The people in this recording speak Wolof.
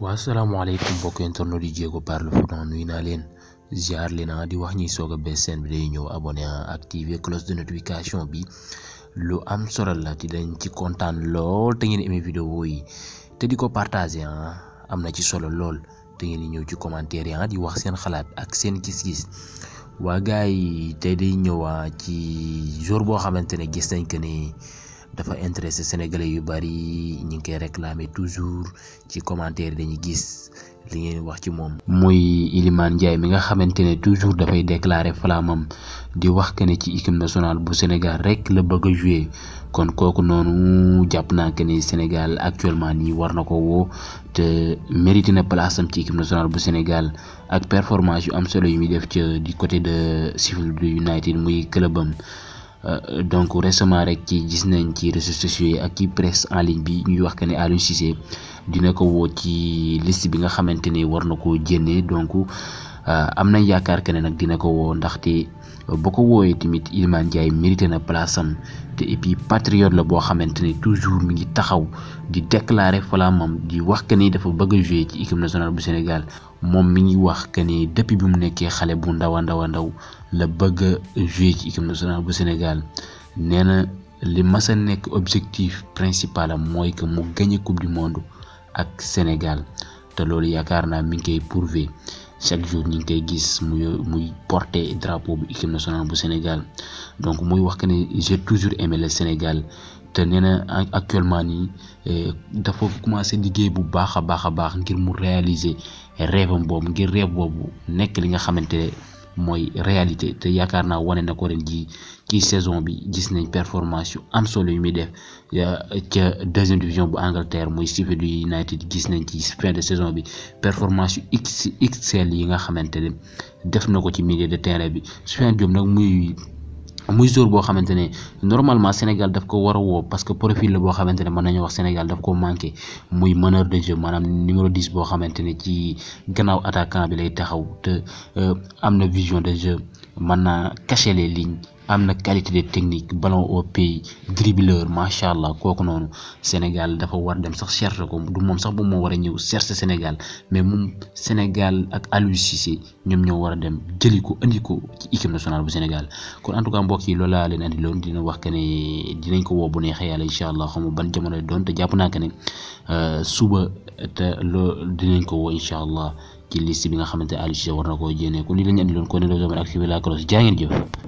waa asalaamaaleykum mbokk internet di Diégo parle foot nuyu naa leen ziar leen ah, di wax ñi soog a bees seen bi day ñëw abonné ah, activer cloche de notification bi lu am solo la te dañ ci kontaan lool te ngeen aimé vidéo yi te di ko partagé ah, am na ci solo lool te ngeen ñëw ci commentaire yi di wax seen xalaat ak seen gis-gis waa gars yi tey day ñëw ci jour boo xamante ne gis nañ que ni. dafa intéressé sénégalais yu bari ñu ngi koy réclamer toujours ci commentaire dañuy gis li ngeen wax ci moom. muy Iliman Ndiaye mi nga xamante ne toujours dafay déclarer flamam di wax que ne ci équipe nationale bu Sénégal rek la bëgg a kon kooku noonu jàpp naa que ni Sénégal actuellement nii war na ko woo te mérité na place am ci équipe nationale bu Sénégal ak performance yu am solo yu muy def ca di côté de Sheffield United muy clubam. Euh, donc récemment rek ci gis nañ ci réseaux sociaux yi ak ci presse en ligne bi ñuy wax que ne Aliou Cissé dina ko woo ci liste bi nga xamante ni war na ko jénnee donc Euh, am nañ yaakaar que ne nag dina ko woo ndaxte euh, boo ko woowee tamit Iliman Ndiaye mérité na place am te et puis la boo xamante ne toujours mi ngi taxaw di déclarer flamam di wax que ni dafa bëgg a jouer ci équipe nationale bu Sénégal moom mi ngi wax que ni depuis bi mu nekkee xale bu ndaw a ndaw a ndaw la bëgg a jouer ci équipe nationale bu Sénégal nee na li mas a nekk objectif principal am mooy que mu gagné coupe du monde ak Sénégal. te loolu yaakaar naa mi ngi koy prouver chaque jour ñu ngi koy gis muy muy porter drapeau bu équipe nationale bu Sénégal donc muy wax que ne j'ai toujours aimé le Sénégal te nee na actuellement nii eh, dafa commencé liggéey bu baax a baax a baax ngir mu réaliser rêve am boobu ngir rêve boobu nekk li nga xamante moy réalité te yaakaar naa na ko ren ji ci saison bi gis nañ performance yu am solo yu muy def ci deuxième division bu Angleterre moy Sheffield United gis nañ ci fin de saison bi performance XXL x yi nga xamante def nako ci milieu de terrain bi Sofiane Diop nak muy muy jour normalement Sénégal daf ko parce que profil de boo wax Sénégal daf ko manqué muy meneur de jeu numéro 10 boo xamante ci attaquant bi lay taxaw te euh, vision de jeu mën naa les lignes. am na qualité de technique ballon au pied dribbleur macha allah kooku noonu Sénégal dafa war dem sax chercher ko du moom sax bu moo war a ñëw chercher Sénégal mais moom Sénégal ak Aliou Cissé ñoom ñoo war a dem jëli ko indi ko ci équipe nationale kon en tout cas mbokk yi loolu laa leen loon dina wax que ne dinañ ko woo bu neexee yàlla incha allah xam ban jamono doon te jàpp naa ke ne euh, suba te loo dinañ ko woo incha allah ci liste bi nga xamante ne Aliou Cissé war na koo jéenee ko lii la ñu ko ne loolu tamit ak si biir ko jaa ngeen jëf.